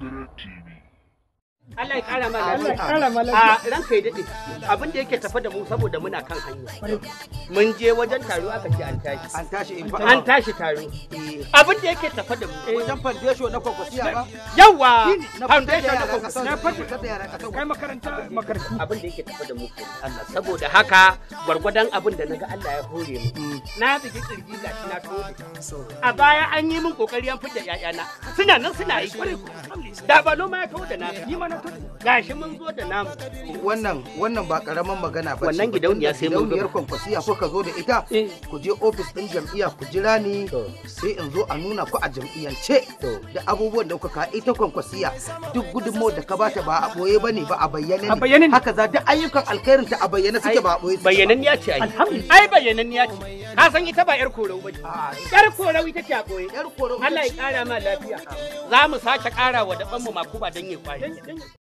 Garatini. Allah ya kara mana Allah ya kara mana a ranka ya dade abin da yake tafa da mu saboda muna kan hanya mun je wajen taro aka ce an tashi an tashi an tashi taro eh. abin da yake tafe da mu eh, wajen foundation na kwakwasiya ba yawa foundation na kwakwasiya na fadi da yara ka kai makaranta makaranta abin da yake tafe da mu Allah saboda haka gwargwadon abin da naga Allah ya hore mu mm. na tsiki kirgi ga na to a baya an yi min kokari an fitar yayana suna nan suna yi da ba noma ya kawo da na ni ma na to gashi mun zo da namu wannan wannan ba karaman magana ba wannan gidauniya sai mun gidauniyar kwankwasiya ka zo da ita eh. ku je ofis din jam'iyya ku jira ni sai in zo a nuna ku a jam'iyyance da abubuwan da kuka ka ita kwankwasiya duk gudunmo da ka bata ba a boye bane ba a bayyane ne haka za duk ayyukan alkhairin ta a bayyane suke ba a boye bayyanan ya ce ai ai bayyanan ya ce ka san ita ba yar korau ba yar korau ita ce a boye yar korau Allah ya kara ma lafiya za mu sake kara wa da mu makuba dan yi kwaye